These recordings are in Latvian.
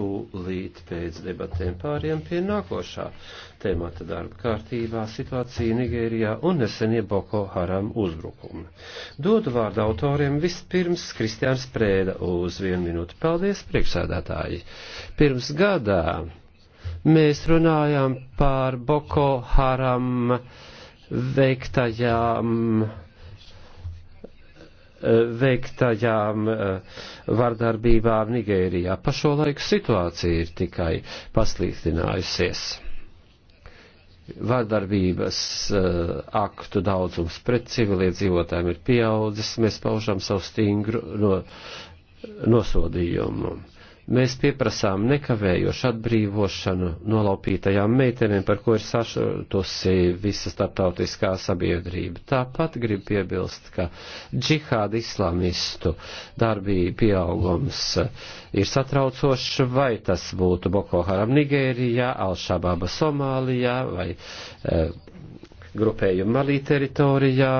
tūlīt pēc debatēm pāriem pie nākošā temata darba kārtībā - situācija Nigērijā un nesenie Boko Haram uzbrukumi. Dodu vārdu autoriem vispirms Kristiāns Prēda uz vienu minūti. Paldies, priekšsēdētāji! Pirms gadā mēs runājām par Boko Haram veiktajām veiktajām eh, vardarbībām Nigērijā. Pa šo laiku situācija ir tikai pasliktinājusies. Vardarbības eh, aktu daudzums pret civiliedzīvotājiem ir pieaudzis, mēs paužam savu stingru no, nosodījumu. Mēs pieprasām nekavējošu atbrīvošanu nolaupītajām meitenēm, par ko ir sašutusi visa starptautiskā sabiedrība. Tāpat grib piebilst, ka džihāda islamistu darbība pieaugums ir satraucošs, vai tas būtu Boko Haram Nigērijā, Alšababa Somālijā vai e, grupējuma Malī teritorijā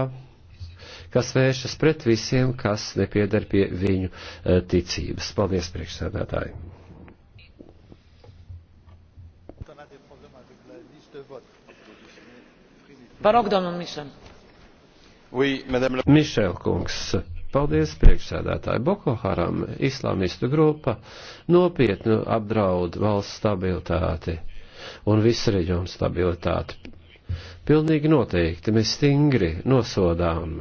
kas vēršas pret visiem, kas nepiedar pie viņu eh, ticības. Paldies, priekšsēdētāji! Mišel kungs, paldies priekšsēdētāji. Boko Haram islamistu grupa nopietni apdraud valsts stabilitāti un visu reģionu stabilitāti. Pilnīgi noteikti mēs stingri nosodām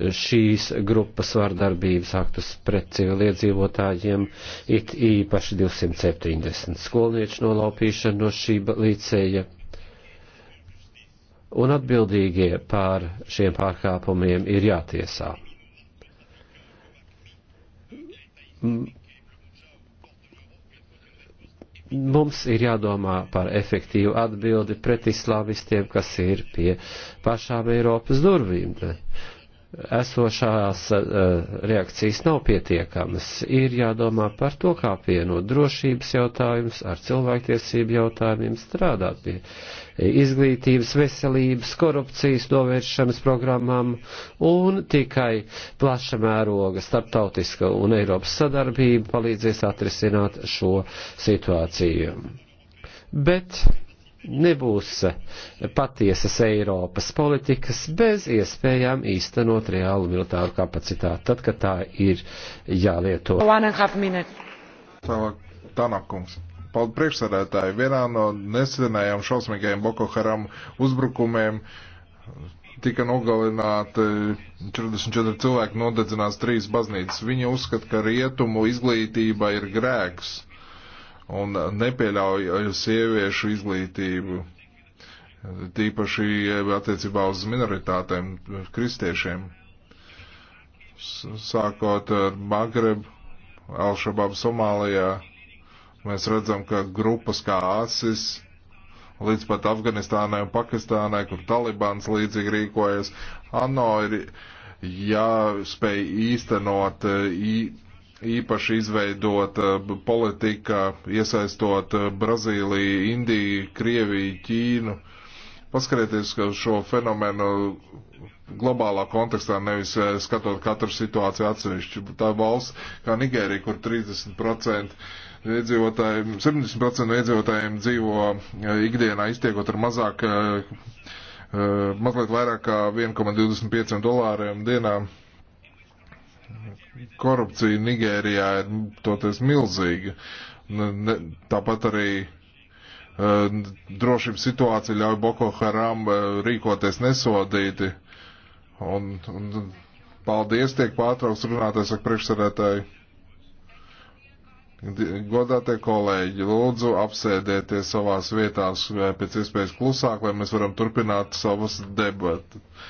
šīs grupas vārdarbības aktus pret civiliedzīvotājiem, it īpaši 270 skolnieču nolaupīšanu no šī līdzēja. Un atbildīgie pār šiem pārkāpumiem ir jātiesā. Mums ir jādomā par efektīvu atbildi pret islāmistiem, kas ir pie pašām Eiropas durvīm esošās eh, reakcijas nav pietiekamas. Ir jādomā par to, kā pienot drošības jautājumus ar cilvēktiesību jautājumiem, strādāt pie izglītības, veselības, korupcijas novēršanas programmām un tikai plaša mēroga starptautiska un Eiropas sadarbība palīdzēs atrisināt šo situāciju. Bet nebūs patiesas Eiropas politikas bez iespējām īstenot reālu militāru kapacitāti, tad, kad tā ir jālieto. Tanakums. Paldies priekšsēdētāji. Vienā no nesenajām šausmīgajiem Boko Haram uzbrukumiem tika nogalināti 44 cilvēki, nodedzinās trīs baznīcas. Viņa uzskata, ka rietumu izglītība ir grēks un nepieļauj sieviešu izglītību, tīpaši eh, attiecībā uz minoritātēm, kristiešiem. Sākot ar Magrebu, Alšababu Somālijā, mēs redzam, ka grupas kā ASIS līdz pat Afganistānai un Pakistānai, kur Talibans līdzīgi rīkojas, ANO ir jāspēj īstenot. Uh, īpaši izveidot eh, politika, iesaistot eh, Brazīliju, Indiju, Krieviju, Ķīnu. Paskatieties šo fenomenu globālā kontekstā, nevis eh, skatot katru situāciju atsevišķi. Tā valsts kā Nigērija, kur 30% iedzīvotājiem, 70% no iedzīvotājiem dzīvo ikdienā iztiekot ar mazāk, mazliet vairāk kā 1,25 dolāriem dienā korupcija Nigērijā ir nu, toties milzīga. Ne, ne, tāpat arī uh, drošības situācija ļauj Boko Haram uh, rīkoties nesodīti. Un, un paldies tiek pārtraukts runātais ar priekšsarētāju. Godātie kolēģi, lūdzu apsēdieties savās vietās e, pēc iespējas klusāk, lai mēs varam turpināt savas debatas.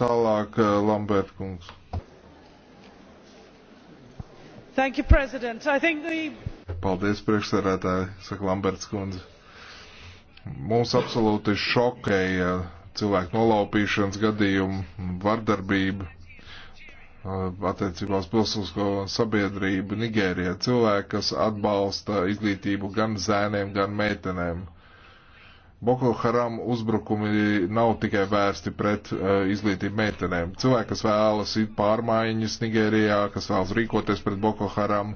Tālāk Lambert kungs. You, the... Paldies, priekšsarētāji, saka Lamberts kundze. Mums absolūti šokēja cilvēku nolaupīšanas gadījumu, vardarbību attiecībā uz pilsūsko sabiedrību Nigērijā. Cilvēki, kas atbalsta izglītību gan zēniem, gan meitenēm. Boko Haram uzbrukumi nav tikai vērsti pret uh, izglītību meitenēm. Cilvēki, kas vēlas pārmaiņas Nigērijā, kas vēlas rīkoties pret Boko Haram,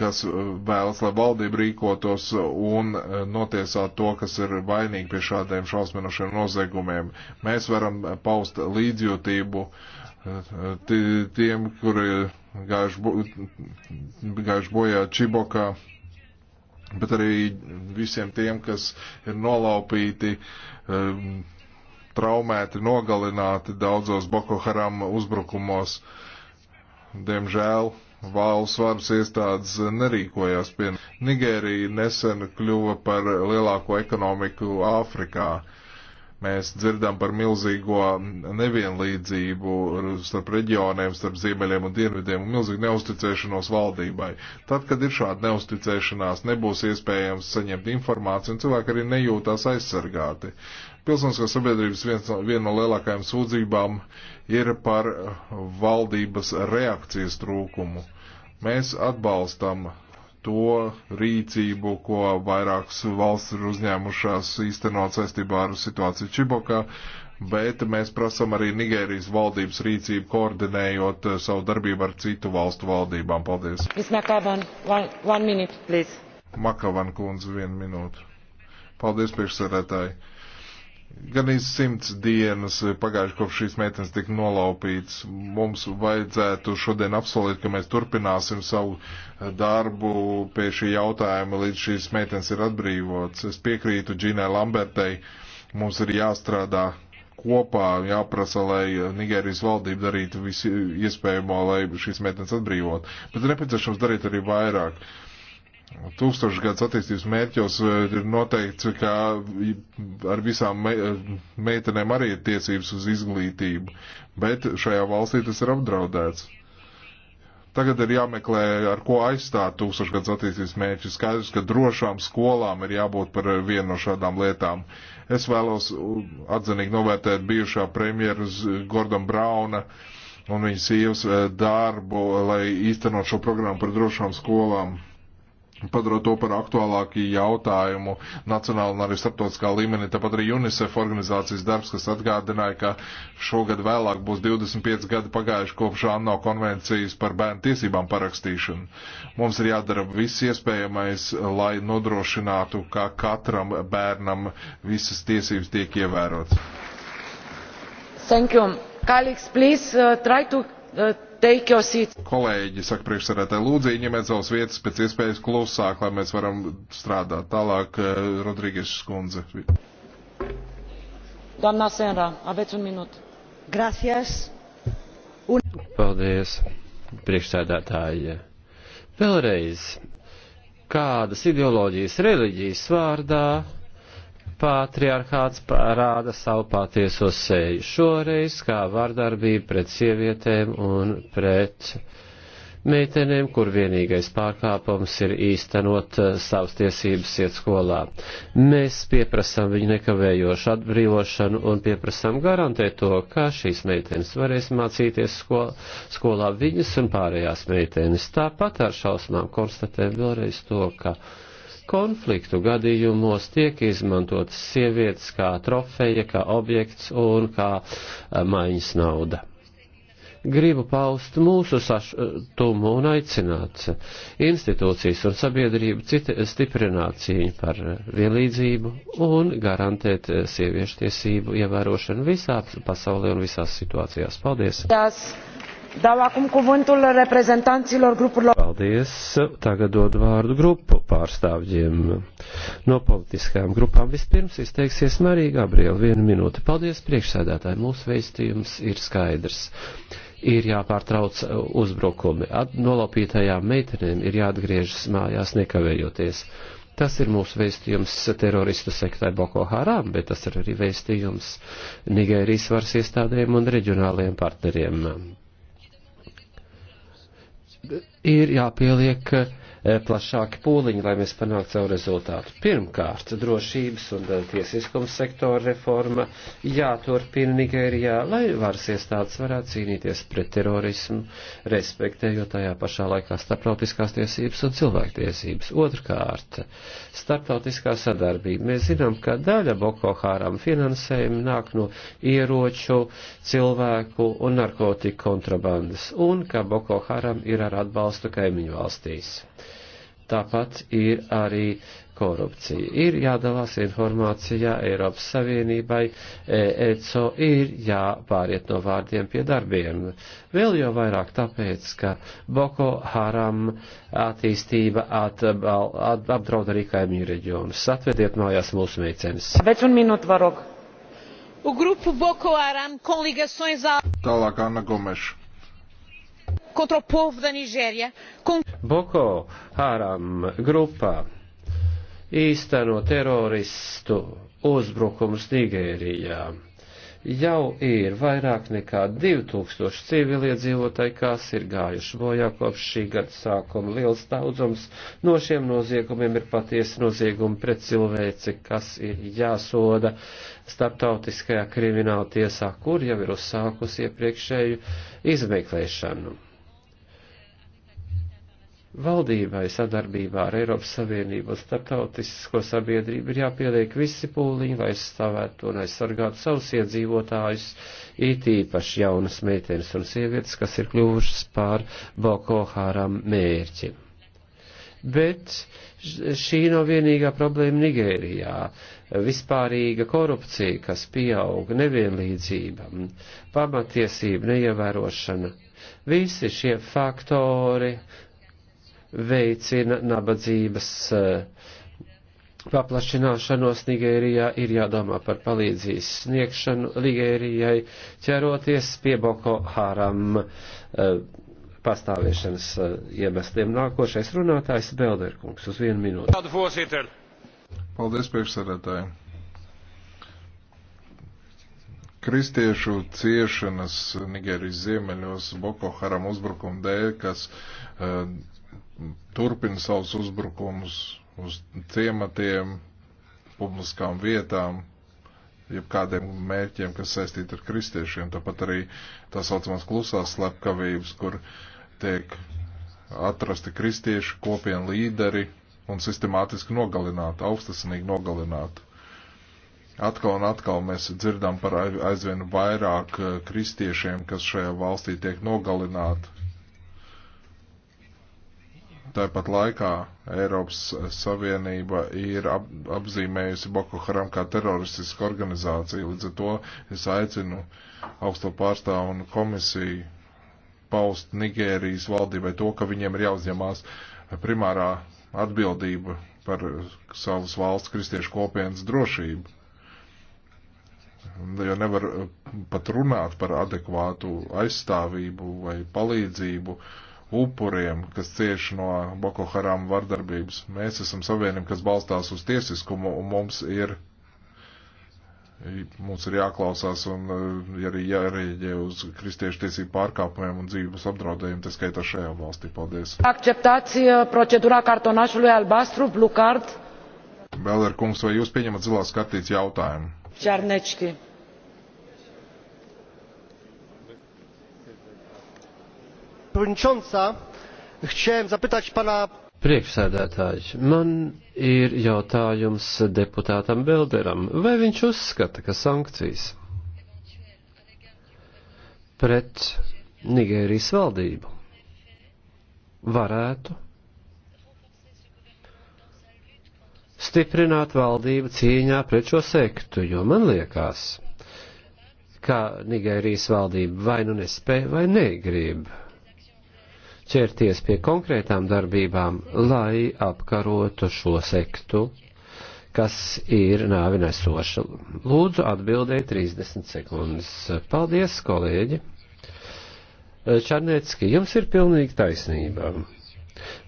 kas eh, vēlas, lai valdība rīkotos un uh, eh, notiesātu to, kas ir vainīgi pie šādiem šausminošiem noziegumiem. Mēs varam paust līdzjūtību uh, tiem, kuri gājuši bo, gājuš bojā Čibokā bet arī visiem tiem, kas ir nolaupīti, um, traumēti, nogalināti daudzos Boko Haram uzbrukumos. Diemžēl valsts varas iestādes nerīkojās pie. Nigērija nesen kļuva par lielāko ekonomiku Āfrikā. Mēs dzirdam par milzīgo nevienlīdzību starp reģioniem, starp ziemeļiem un dienvidiem un milzīgu neusticēšanos valdībai. Tad, kad ir šāda neusticēšanās, nebūs iespējams saņemt informāciju un cilvēki arī nejūtās aizsargāti. Pilsoniskās sabiedrības viens, viena no lielākajām sūdzībām ir par valdības reakcijas trūkumu. Mēs atbalstam to rīcību, ko vairākas valsts ir uzņēmušās īstenot saistībā ar situāciju Čibokā, bet mēs prasam arī Nigērijas valdības rīcību koordinējot eh, savu darbību ar citu valstu valdībām. Paldies. Makavan, one, one minute, Makavan kundze, vienu minūtu. Paldies, priekšsēdētāji. Gan iz simts dienas pagājuši kopš šīs meitenes tika nolaupīts. Mums vajadzētu šodien apsolīt, ka mēs turpināsim savu eh, darbu pie šī jautājuma, līdz šīs meitenes ir atbrīvots. Es piekrītu Džinai Lambertei, mums ir jāstrādā kopā jāprasa, lai eh, Nigērijas valdība darītu visu iespējamo, lai šīs meitenes atbrīvot. Bet nepieciešams darīt arī vairāk. Uh, tūkstošgads attīstības mērķos eh, ir noteikts, ka ar visām me eh, meitenēm arī ir tiesības uz izglītību, bet šajā valstī tas ir apdraudēts. Tagad ir jāmeklē, ar ko aizstāt tūkstošgads attīstības mērķus. Skaidrs, ka drošām skolām ir jābūt par vienu no šādām lietām. Es vēlos atzinīgi novērtēt bijušā premjeras Gordon Brauna un viņas sievas eh, darbu, lai īstenot šo programmu par drošām skolām padarot to par aktuālāku jautājumu nacionāla un arī starptautiskā līmenī. Tāpat arī UNICEF organizācijas darbs, kas atgādināja, ka šogad vēlāk būs 25 gadi pagājuši kopš ANO konvencijas par bērnu tiesībām parakstīšanu. Mums ir jādara viss iespējamais, lai nodrošinātu, ka katram bērnam visas tiesības tiek ievērotas. Thank you. Colleagues, please uh, try to uh, Kolēģi, saka priekšsarētāji, lūdzu, ieņemiet savas vietas pēc iespējas klusāk, lai mēs varam strādāt tālāk. Eh, Rodrīgas skundze. Doamna Senra, aveți un minut. Gracias. Un... Paldies, priekšsēdētāji. Vēlreiz, kādas ideoloģijas, reliģijas vārdā patriarchāts parāda savu patieso seju. Šoreiz kā vardarbība pret sievietēm un pret meitenēm, kur vienīgais pārkāpums ir īstenot eh, savas tiesības iet skolā. Mēs pieprasām viņu nekavējošu atbrīvošanu un pieprasām garantēt to, ka šīs meitenes varēs mācīties skolā, skolā viņas un pārējās meitenes. Tāpat ar šausmām konstatējam vēlreiz to, ka konfliktu gadījumos tiek izmantotas sievietes kā trofeja, kā objekts un kā eh, maiņas nauda. Gribu paust mūsu sašutumu un aicināt institūcijas un sabiedrību citi, stiprināt cīņu par vienlīdzību un garantēt sieviešu tiesību ievērošanu visā pasaulē un visās situācijās. Paldies! Tas. Dau acum cuvântul reprezentanților grupurilor. Paldies. Tagad dod vārdu grupu pārstāvjiem no politiskajām grupām. Vispirms izteiksies Marija Gabriela. Vienu minūti. Paldies, priekšsēdētāji. Mūsu veistījums ir skaidrs ir jāpārtrauc uzbrukumi. At nolaupītajām meitenēm ir jāatgriežas mājās nekavējoties. Tas ir mūsu vēstījums teroristu sektai Boko Haram, bet tas ir arī vēstījums Nigērijas varas iestādēm un reģionāliem partneriem ir jāpieliek eh, Eh, plašāki pūliņi, lai mēs panāktu savu rezultātu. Pirmkārt, drošības un eh, tiesiskums sektora reforma jāturpina Nigērijā, lai varas iestādes varētu cīnīties pret terorismu, respektējot tajā pašā laikā starptautiskās tiesības un cilvēktiesības. Otrkārt, starptautiskā sadarbība. Mēs zinām, ka daļa Boko Haram finansējuma nāk no ieroču, cilvēku un narkotiku kontrabandas, un ka Boko Haram ir ar atbalstu kaimiņu valstīs. Tāpat ir arī korupcija. Ir jādalās informācijā Eiropas Savienībai, e, ECO ir jāpāriet no vārdiem pie darbiem. Vēl jau vairāk tāpēc, ka Boko Haram attīstība at, at, apdraud arī kaimiņu reģionus. Atvediet mājās mūsu meitenes. Vec un minūtu varok. O grupo Boko Haram com ligações a... Tālāk Ana Gomeša contra o povo da Nigéria. Com... Boko Haram grupā īsteno teroristu uzbrukums Nigērijā. Jau ir vairāk nekā 2000 civiliedzīvotāji, kas ir gājuši bojā kopš šī gada sākuma. Liels daudzums no šiem noziegumiem ir patiesi noziegumi pret cilvēci, kas ir jāsoda starptautiskajā krimināla tiesā, kur jau ir uzsākusi iepriekšēju izmeklēšanu. Valdībai sadarbībā ar Eiropas Savienību un starptautisko sabiedrību ir jāpieliek visi pūliņi, lai aizstāvētu un aizsargātu savus iedzīvotājus, it īpaši jaunas meitenes un sievietes, kas ir kļuvušas pār Boko Haram mērķi. Bet šī nav vienīgā problēma Nigērijā. Vispārīga korupcija, kas pieauga, nevienlīdzība, pamatiesība, neievērošana. Visi šie faktori veicina nabadzības eh, paplašināšanos Nigērijā, ir jādomā par palīdzības sniegšanu Nigērijai, ķeroties pie Boko Haram eh, pastāvēšanas eh, iemesliem. Nākošais runātājs Belderkungs uz vienu minūti. Paldies, priekšsarētāji! kristiešu ciešanas Nigērijas ziemeļos Boko Haram uzbrukuma dēļ, kas uh, turpina savus uzbrukumus uz ciematiem, publiskām vietām, jeb kādiem mērķiem, kas saistīti ar kristiešiem. Tāpat arī tā saucamās klusās slepkavības, kur tiek atrasti kristieši, kopienu līderi un sistemātiski nogalināti, augstasinīgi nogalināti. Atkal un atkal mēs dzirdam par aizvien vairāk eh, kristiešiem, kas šajā valstī tiek nogalināti, Tāpat laikā Eiropas Savienība ir ap, apzīmējusi Boko Haram kā teroristisku organizāciju. Līdz ar to es aicinu augsto pārstāvu un komisiju paust Nigērijas valdībai to, ka viņiem ir jāuzņemās primārā atbildība par savas valsts kristiešu kopienas drošību. Jo nevar pat runāt par adekvātu aizstāvību vai palīdzību uh, upuriem, kas cieši no Boko Haram vardarbības. Mēs esam savienība, kas balstās uz tiesiskumu, un mums ir, mums ir jāklausās un eh, arī jārēģē uz kristiešu tiesību pārkāpumiem un dzīves apdraudējumiem, tas skaitā šajā valstī. Paldies. Akceptāci procedūrā kartonāšului albastru, blue card. Bēlēr kungs, vai jūs pieņemat zilās kartītes jautājumu? Čarnečki. Provinčonsā, chciałem zapytać pana. Priekšsēdētājs, man ir jautājums deputātam Belderam, vai viņš uzskata, ka sankcijas pret Nigērijas valdību varētu stiprināt valdību cīņā pret šo sektu, jo man liekas, ka Nigērijas valdība vai nu nespēja vai negrib ķerties pie konkrētām darbībām, lai apkarotu šo sektu, kas ir nāvi nesoša. Lūdzu atbildēt 30 sekundes. Paldies, kolēģi! Čarnēcki, jums ir pilnīgi taisnība.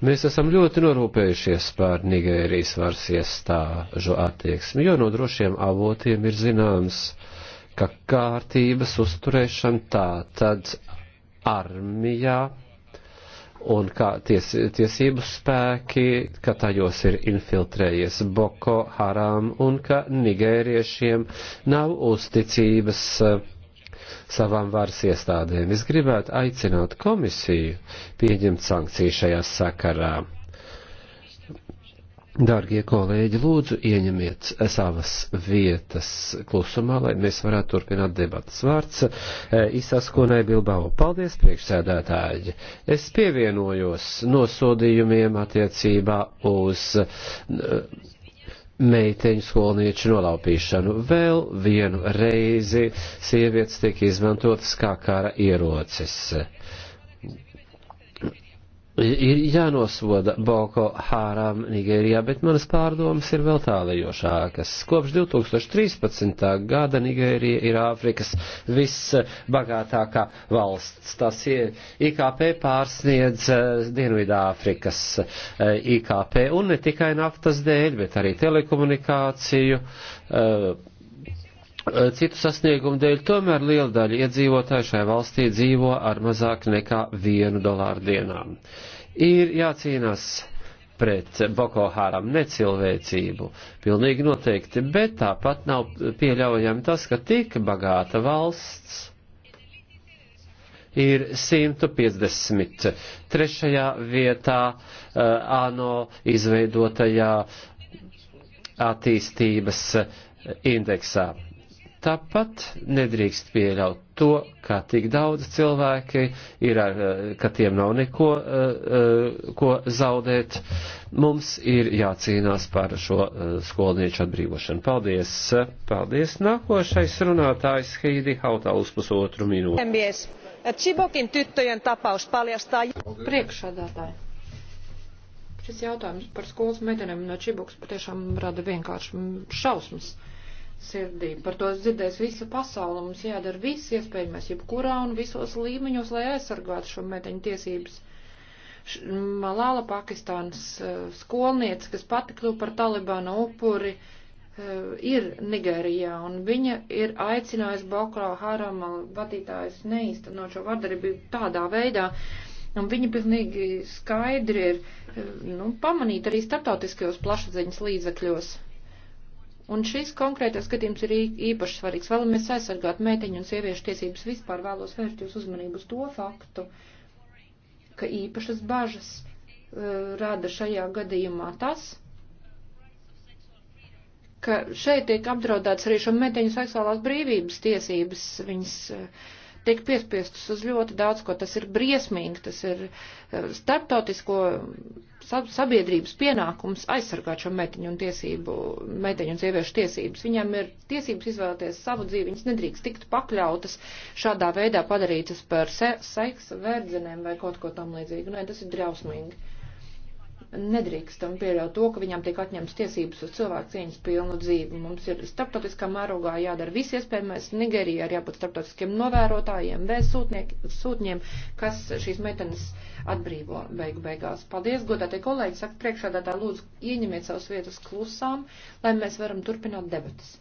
Mēs esam ļoti norūpējušies par Nigērijas varas iestāžu attieksmi, jo no drošiem avotiem ir zināms, ka kārtības uzturēšana tā tad armijā un kā ties, tiesību spēki, ka tajos ir infiltrējies Boko Haram un ka nigēriešiem nav uzticības eh, savām varas iestādēm. Es gribētu aicināt komisiju pieņemt sankciju šajā sakarā. Dārgie kolēģi, lūdzu ieņemiet savas vietas klusumā, lai mēs varētu turpināt debatas vārds. E, Izsaskonai Bilbao, paldies priekšsēdētāji. Es pievienojos nosodījumiem attiecībā uz e, meiteņu skolnieču nolaupīšanu. Vēl vienu reizi sievietes tiek izmantotas kā kara ierocis ir jānosoda Boko Hārām Nigērijā, bet manas pārdomas ir vēl tālējošākas. Kopš 2013. gada Nigērija ir Āfrikas visbagātākā valsts. Tas IKP pārsniedz eh, Dienvidā Āfrikas eh, IKP un ne tikai naftas dēļ, bet arī telekomunikāciju. Uh, Eh, citu sasniegumu dēļ, tomēr liela daļa iedzīvotāju šajā valstī dzīvo ar mazāk nekā vienu dolāru dienām. Ir jācīnās pret Boko Haram necilvēcību, pilnīgi noteikti, bet tāpat nav pieļaujami tas, ka tik bagāta valsts ir 153. vietā uh, ANO izveidotajā attīstības indeksā. Tāpat nedrīkst pieļaut to, ka tik daudz cilvēki ir, ar, eh, ka tiem nav neko, eh, eh, ko zaudēt. Mums ir jācīnās par šo skolnieču atbrīvošanu. Paldies! Paldies! Nākošais runātājs Heidi Hautā uz pusotru minūti. Chibokin tyttöjen tapaus paljastaa... Priekšādātāji. Šis jautājums par skolas meitenēm no Čibuks patiešām rada vienkārši šausmas. Uh, sirdī. Par to dzirdēs visa pasaule. Mums jādara viss iespējamais, jebkurā un visos līmeņos, lai aizsargātu šo meteņu tiesības. Malāla Pakistānas eh, skolniece, kas pati kļuva par Talibāna upuri, eh, ir Nigērijā, un viņa ir aicinājusi Boko Harama vadītājus neīstenot šo vardarbību tādā veidā, Un viņi pilnīgi skaidri ir eh, nu, pamanīti arī starptautiskajos plašsaziņas līdzekļos. Un šis konkrētais skatījums ir īpaši svarīgs. Vēlamies aizsargāt meiteņu un sieviešu tiesības vispār. Vēlos vērst jūs uzmanību uz to faktu, ka īpašas bažas uh, rada šajā gadījumā tas, ka šeit tiek apdraudēts arī šo meiteņu seksuālās brīvības tiesības. Viņas uh, tiek piespiestas uz ļoti daudz, ko tas ir briesmīgi, tas ir uh, starptautisko sabiedrības pienākums aizsargāt šo meiteņu un tiesību, meiteņu un sieviešu tiesības. Viņām ir tiesības izvēlēties savu dzīvi, viņas nedrīkst tikt pakļautas šādā veidā padarītas par se seksa verdzenēm vai kaut ko tam līdzīgu. Nē, tas ir drausmīgi nedrīkstam pieļaut to, ka viņām tiek atņemts tiesības uz cilvēku cieņas pilnu dzīvi. Mums ir starptautiskā mērogā jādara viss iespējamais. Nigerija ir jābūt starptautiskiem novērotājiem, vēstsūtņiem, kas šīs meitenes atbrīvo beigu beigās. Paldies, godātie kolēģi, saka priekšādātā lūdzu ieņemiet savas vietas klusām, lai mēs varam turpināt debatas.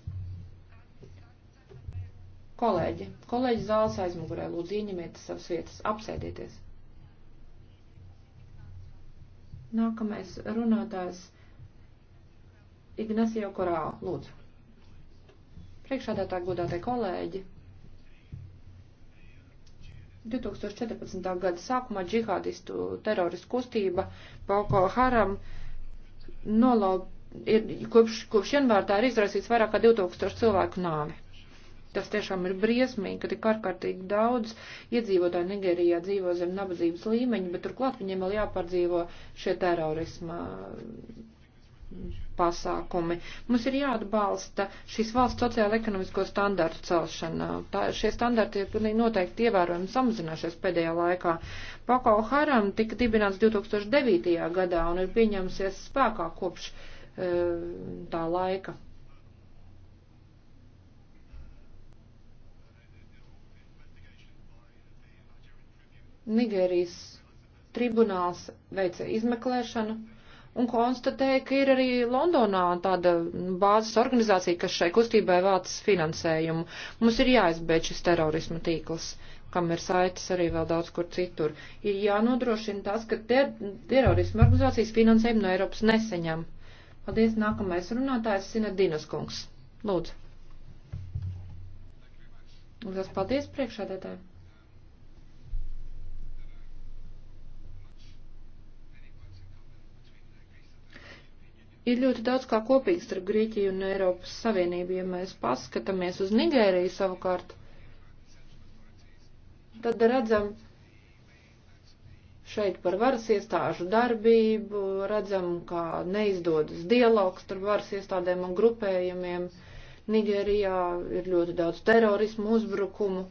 Kolēģi, kolēģi zāles aizmugurē, lūdzu ieņemiet savas vietas, apsēdieties. Nākamais runātājs Ignacio Korāo. Lūdzu. Priekšādātāji, godātie kolēģi. 2014. gada sākumā džihādistu teroristu kustība Boko Haram nolaub, ir, kopš, kopš janvāra tā ir izraisīts vairāk kā 2000 cilvēku nāvi. Tas tiešām ir briesmīgi, ka tik ārkārtīgi daudz iedzīvotāji Nigērijā dzīvo zem nabadzības līmeņa, bet turklāt viņiem vēl jāpārdzīvo šie terorisma pasākumi. Mums ir jāatbalsta šīs valsts sociāla-ekonomisko standartu celšana. Tā, šie standarti ir pilnīgi noteikti ievērojami samazinājušies pēdējā laikā. Pakau Haram tika dibināts 2009. gadā un ir pieņemsies spēkā kopš uh, tā laika. Nigērijas tribunāls veica izmeklēšanu un konstatēja, ka ir arī Londonā tāda bāzes organizācija, kas šai kustībai vāc finansējumu. Mums ir jāizbeidz šis terorisma tīkls, kam ir saites arī vēl daudz kur citur. Ir jānodrošina tas, ka ter terorisma organizācijas finansējumu no Eiropas neseņem. Paldies, nākamais runātājs Sina Dinaskungs. Lūdzu. Un tas paldies priekšādētāji. ir ļoti daudz kā kopīgs starp Grieķiju un Eiropas Savienību. Ja mēs paskatāmies uz Nigēriju savukārt, tad redzam šeit par varas iestāžu darbību, redzam, kā neizdodas dialogs starp varas iestādēm un grupējumiem. Nigērijā ir ļoti daudz terorismu uzbrukumu,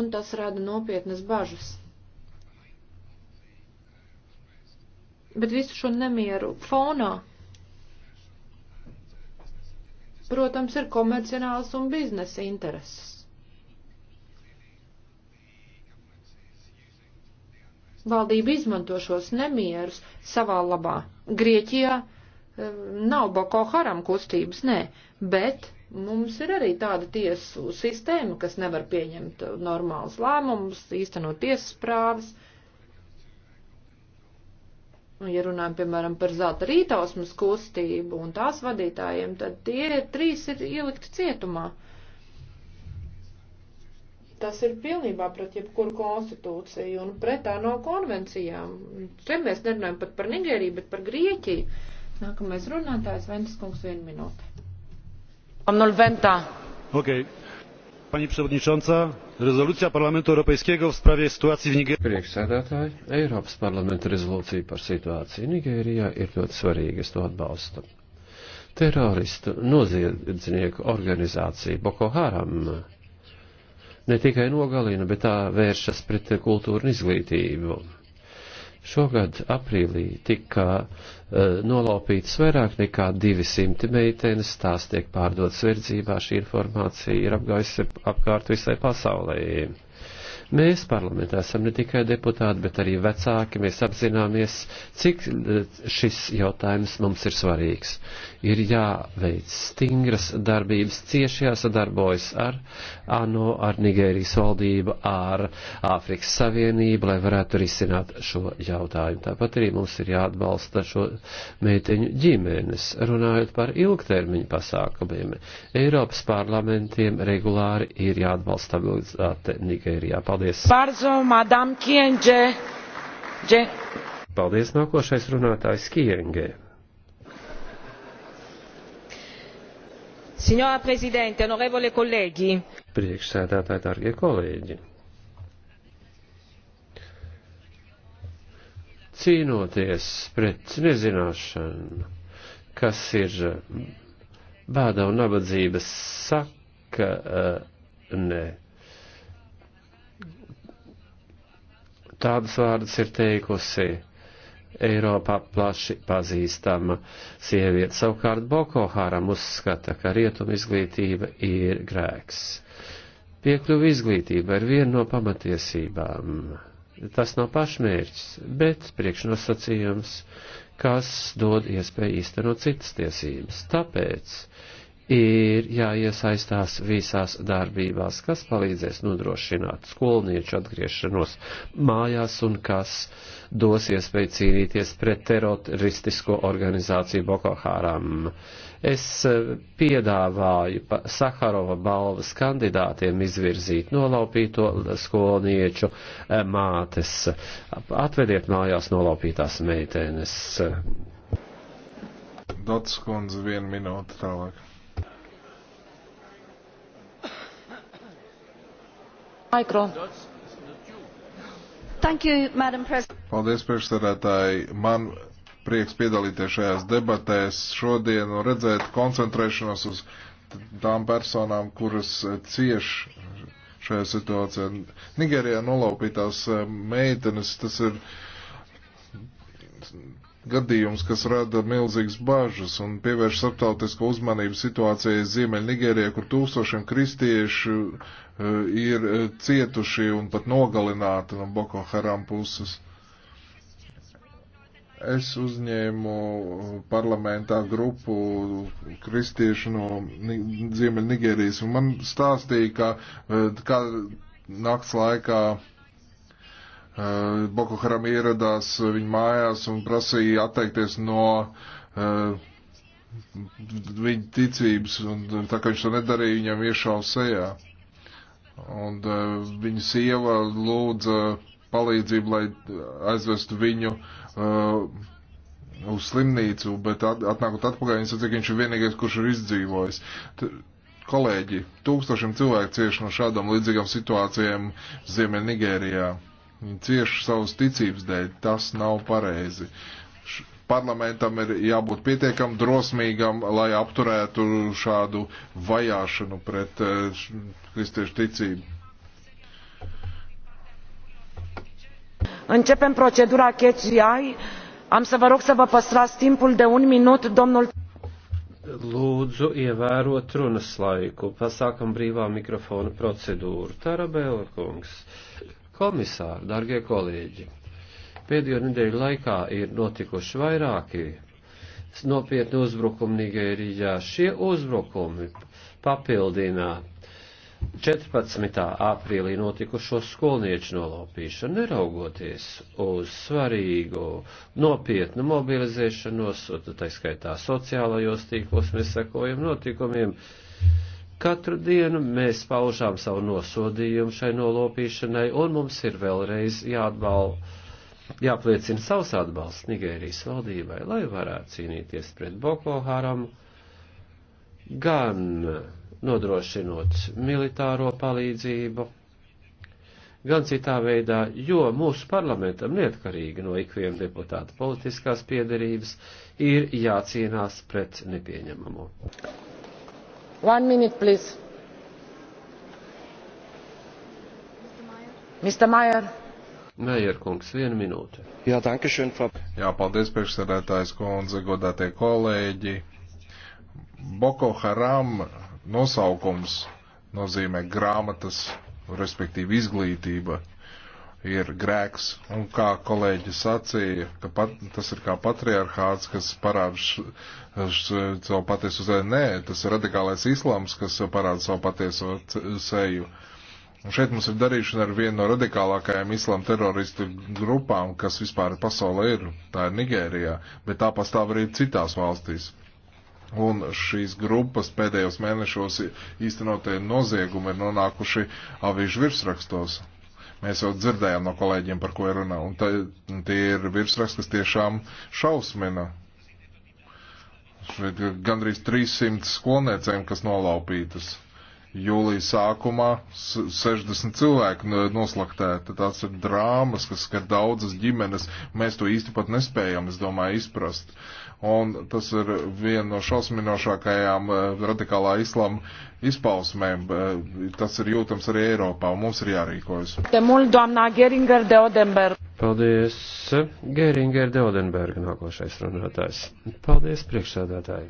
un tas rada nopietnas bažas. Bet visu šo nemieru fonā protams, ir komerciāls un biznesa intereses. Valdība izmanto šos nemierus savā labā. Grieķijā eh, nav Boko Haram kustības, nē, bet mums ir arī tāda tiesu sistēma, kas nevar pieņemt normālus lēmumus, īstenot tiesas prāvas. Uh, Nu, ja runājam, piemēram, par zelta rītausmas kustību un tās vadītājiem, tad tie trīs ir ielikti cietumā. Tas ir pilnībā pret jebkuru konstitūciju un pretā no konvencijām. Te mēs nerunājam pat par Nigēriju, bet par Grieķiju. Nākamais runātājs Ventas kungs vienu minūti. Am nol ventā. Okay pani przewodnicząca! rezolucja parlamentu europejskiego w sprawie sytuacji w nigērijā. priekšsēdētāji eiropas parlamenta rezolūcija par situāciju nigērijā ir ļoti svarīga es to atbalstu. teroristu noziedznieku organizācija boko haram ne tikai nogalina bet tā vēršas pret kultūru un izglītību Šogad aprīlī tika uh, e, nolaupīts vairāk nekā 200 meitenes, tās tiek pārdotas verdzībā, šī informācija ir apgājusi apkārt visai pasaulē. Mēs parlamentā esam ne tikai deputāti, bet arī vecāki. Mēs apzināmies, cik eh, šis jautājums mums ir svarīgs. Ir jāveic stingras darbības, ciešajā sadarbojas ar ANO, ar Nigērijas valdību, ar Āfrikas Savienību, lai varētu risināt šo jautājumu. Tāpat arī mums ir jāatbalsta šo meiteņu ģimenes, runājot par ilgtermiņu pasākumiem. Eiropas parlamentiem regulāri ir jāatbalsta stabilitāte Nigērijā. Paldies! Paldies. Pārzo, madam Kienģe. Dže. Paldies, nākošais runātājs Kienģe. Signora Presidente, onorevole kolēģi. Priekšsēdētāji, dārgie kolēģi. Cīnoties pret nezināšanu, kas ir bāda un nabadzības saka, eh, ne Tādus vārdus ir teikusi Eiropā plaši pazīstama sieviete. Savukārt Boko Haram uzskata, ka rietuma izglītība ir grēks. Piekļuva izglītība ir viena no pamatiesībām. Tas nav pašmērķis, bet priekšnosacījums, kas dod iespēju īstenot citas tiesības. Tāpēc ir jāiesaistās visās darbībās, kas palīdzēs nodrošināt skolnieču atgriešanos mājās un kas dos iespēju cīnīties pret teroristisko organizāciju Boko Haram. Es eh, piedāvāju Saharova balvas kandidātiem izvirzīt nolaupīto skolnieču eh, mātes. Atvediet mājās nolaupītās meitenes. Dots kundze, viena minūte tālāk. Mikro. You, Paldies, priekšsēdētāji. Man prieks piedalīties šajās debatēs šodien un redzēt koncentrēšanos uz tām personām, kuras cieš šajā situācijā. Nigērijā nolaupītās meitenes, tas ir uh, gadījums, kas rada milzīgas bažas un pievērš starptautisko uzmanību situācijai Ziemeļnigērijā, kur tūkstošiem kristiešu eh, ir eh, cietuši un pat nogalināti no Boko Haram puses. Es uzņēmu eh, parlamentā grupu kristiešu no Ziemeļnigērijas, un man stāstīja, ka kā nakts laikā Eh, Boko Haram ieradās eh, viņu mājās un prasīja atteikties no eh, viņa ticības, un tā kā viņš to nedarīja, viņam iešāva sejā. Un viņa sieva lūdza palīdzību, lai aizvestu viņu uh, uz slimnīcu, bet at, atnākot atpakaļ, viņš sacīja, ka viņš ir vienīgais, kurš ir izdzīvojis. T kolēģi, tūkstošiem cilvēku cieši no šādām līdzīgām situācijām Ziemeļ Nigērijā. Viņi cieši savas ticības dēļ. Tas nav pareizi. Parlamentam ir jābūt pietiekam drosmīgam, lai apturētu šādu vajāšanu pret eh, kristiešu ticību. Începem procedura catch the eye. Am să vă rog să vă păstrați timpul de un minut, domnul. Lūdzu, ievērot runas laiku. Pasākam brīvā mikrofona procedūru. Tarabēla kungs komisāri, dargie kolēģi, pēdējo nedēļu laikā ir notikuši vairāki nopietni uzbrukumi Nigērijā. Šie uzbrukumi papildina 14. aprīlī notikušo skolnieču nolaupīšanu, neraugoties uz svarīgu nopietnu mobilizēšanos, tā skaitā sociālajos tīklos mēs sekojam notikumiem. Katru dienu mēs paužām savu nosodījumu šai nolopīšanai, un mums ir vēlreiz jāatbal, jāpliecina savs atbalsts Nigērijas valdībai, lai varētu cīnīties pret Boko Haram, gan nodrošinot militāro palīdzību, gan citā veidā, jo mūsu parlamentam, neatkarīgi no ikviena deputāta politiskās piedarības, ir jācīnās pret nepieņemamo. One minute, please. Mr. Mayer. Meijer kungs, viena minūte. Jā, dankešen, Frau. Jā, paldies, priekšsēdētājs kundze, godātie kolēģi. Boko Haram nosaukums nozīmē grāmatas, respektīvi izglītība ir grēks. Un kā kolēģi sacīja, ka pat, tas ir kā patriarchāts, kas parāda savu patieso seju. Nē, tas ir radikālais islāms, kas parāda savu patieso seju. Un šeit mums ir darīšana ar vienu no radikālākajām islāma teroristu grupām, kas vispār pasaulē ir. Tā ir Nigērijā, bet tā pastāv arī citās valstīs. Un šīs grupas pēdējos mēnešos īstenotie noziegumi ir nonākuši avīžu virsrakstos. Mēs jau dzirdējām no kolēģiem, par ko ir runa. Un tā, tie ir virsraksti, kas tiešām šausmina. Šeit gandrīz 300 skolniecēm, kas nolaupītas. Jūlija sākumā 60 cilvēki noslaktēti. Tās ir drāmas, kas skar daudzas ģimenes. Mēs to īsti pat nespējam, es domāju, izprast. Un tas ir viena no šausminošākajām eh, radikālā islama izpausmēm. Eh, tas ir jūtams arī Eiropā, un mums ir jārīkojas. Paldies, Geringer Deodenberga nākošais runātājs. Paldies, priekšsēdētāji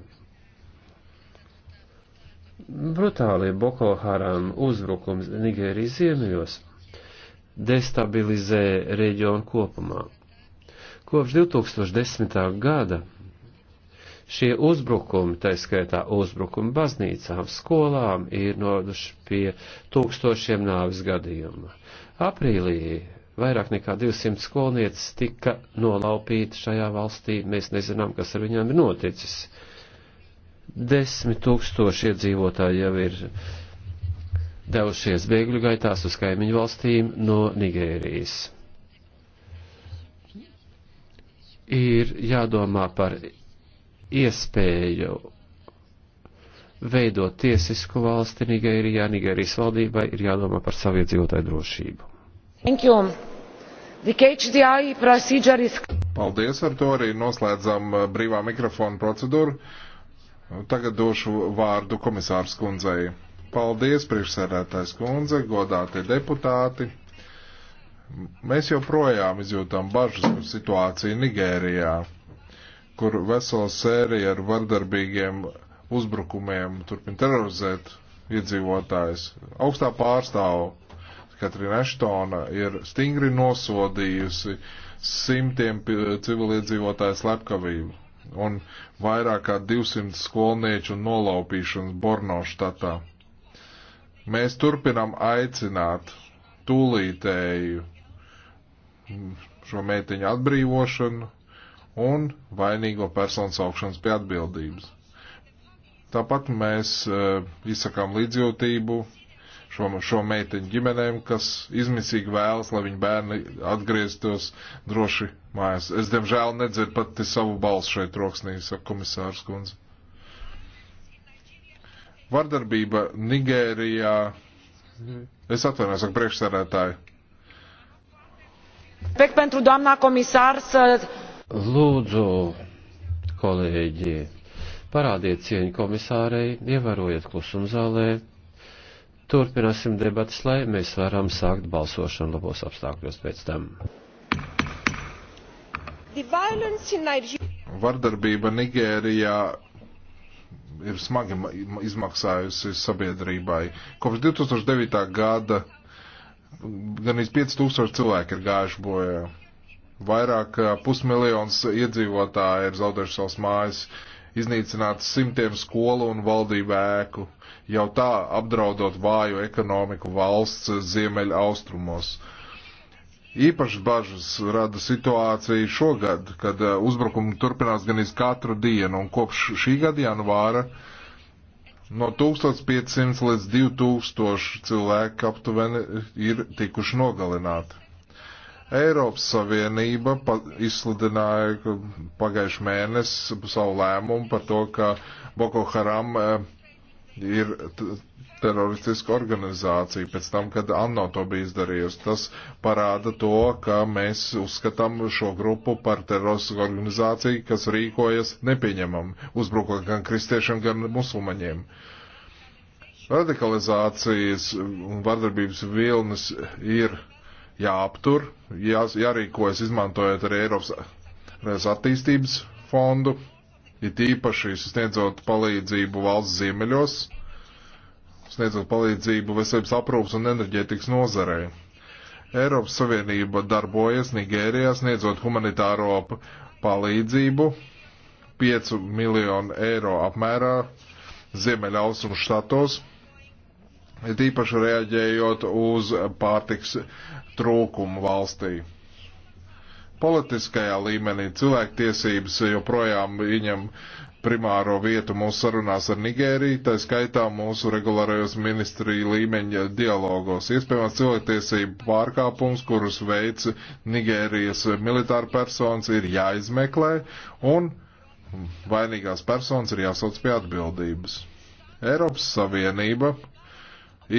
brutālie Boko Haram uzbrukums Nigērijas ziemeļos destabilizē reģionu kopumā. Kopš 2010. gada šie uzbrukumi, tā skaitā uzbrukumi baznīcām, skolām, ir noduši pie tūkstošiem nāvis gadījumu. Aprīlī vairāk nekā 200 skolnieces tika nolaupīti šajā valstī, mēs nezinām, kas ar viņām ir noticis. Uh, Desmit tūkstoši iedzīvotāji jau ir devušies bēgļu gaitās uz kaimiņu valstīm no Nigērijas. Ir jādomā par iespēju veidot tiesisku valsti Nigērijā. Nigērijas valdībai ir jādomā par savu iedzīvotāju drošību. Thank you. Paldies, ar to arī noslēdzam uh, brīvā mikrofona procedūru. Nu, tagad došu vārdu komisārs kundzei. Paldies, priekšsēdētājs kundze, godātie deputāti. Mēs joprojām izjūtam bažas par situāciju Nigērijā, kur vesela sērija ar vardarbīgiem uzbrukumiem turpina terorizēt iedzīvotājs. Augstā pārstāva Katrina Eštona ir stingri nosodījusi simtiem civiliedzīvotāju slepkavību un vairāk kā 200 skolnieču nolaupīšanas Borno štatā. Mēs turpinām aicināt tūlītēju šo meitiņu atbrīvošanu un vainīgo personu saukšanas pie atbildības. Tāpat mēs uh, izsakām līdzjūtību šo, šo meiteņu ģimenēm, kas izmisīgi vēlas, lai viņu bērni atgrieztos droši mājās. Es, diemžēl, nedzirdu pati savu balsu šeit troksnī, saka komisārs kundze. Vardarbība Nigērijā. Es atvainojos, saka priekšsēdētāji. Pek pentru doamna komisārs. Lūdzu, kolēģi, parādiet cieņu komisārei, ievērojiet klusumu zālē. Turpināsim debatas, lai mēs varam sākt balsošanu labos apstākļos pēc tam. Vardarbība Nigērijā ir smagi izmaksājusi sabiedrībai. Kopš 2009. gada gan iz 5000 cilvēki ir gājuši bojā. Vairāk pusmiljons iedzīvotāji ir zaudējuši savas mājas, iznīcināts simtiem skolu un valdību ēku, jau tā apdraudot vāju ekonomiku valsts ziemeļa austrumos. Īpaši bažas rada situācija šogad, kad eh, uzbrukumi turpinās gan iz katru dienu, un kopš šī gada janvāra no 1500 līdz 2000 cilvēku aptuveni ir tikuši nogalināti. Eiropas Savienība izsludināja pagājuši mēnesi savu lēmumu par to, ka Boko Haram eh, ir teroristisku organizāciju pēc tam, kad ANO to bija izdarījusi. Tas parāda to, ka mēs uzskatām šo grupu par teroristisku organizāciju, kas rīkojas nepieņemam, uzbrukot gan kristiešiem, gan musulmaņiem. Radikalizācijas un vardarbības vilnis ir jāaptur, jā, jārīkojas izmantojot arī Eiropas attīstības fondu, ir tīpaši sniedzot palīdzību valsts ziemeļos, sniedzot palīdzību veselības aprūpas un enerģētikas nozarei. Eiropas Savienība darbojas Nigērijā, sniedzot humanitāro palīdzību 5 miljonu eiro apmērā Ziemeļaustrumu štatos, it īpaši reaģējot uz pārtiks trūkumu valstī. Politiskajā līmenī cilvēktiesības joprojām viņam primāro vietu mūsu sarunās ar Nigēriju, tā skaitā mūsu regulārajos ministriju līmeņa dialogos. Iespējams, cilvēktiesību pārkāpums, kurus veic Nigērijas militāra personas, ir jāizmeklē un vainīgās personas ir jāsauc pie atbildības. Eiropas Savienība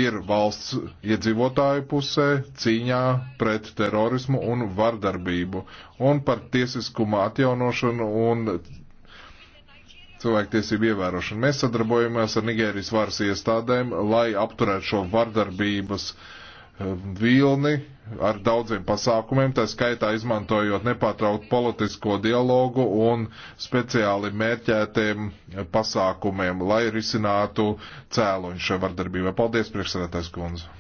ir valsts iedzīvotāju pusē cīņā pret terorismu un vardarbību un par tiesiskuma atjaunošanu un cilvēktiesību ievērošanu. Mēs sadarbojamies ar Nigērijas varas iestādēm, lai apturētu šo vardarbības um, vilni ar daudziem pasākumiem, tā skaitā izmantojot nepārtraukt politisko dialogu un speciāli mērķētiem pasākumiem, lai risinātu cēloņu šai vardarbībai. Paldies, priekšsēdētājs kundze!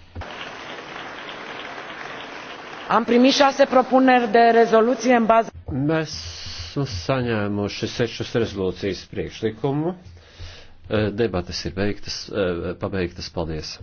Am primit șase propuneri de rezoluție în bază. Mes esmu saņēmuši sešus rezolūcijas priekšlikumu. Eh, debates ir beigtas, eh, pabeigtas. Paldies!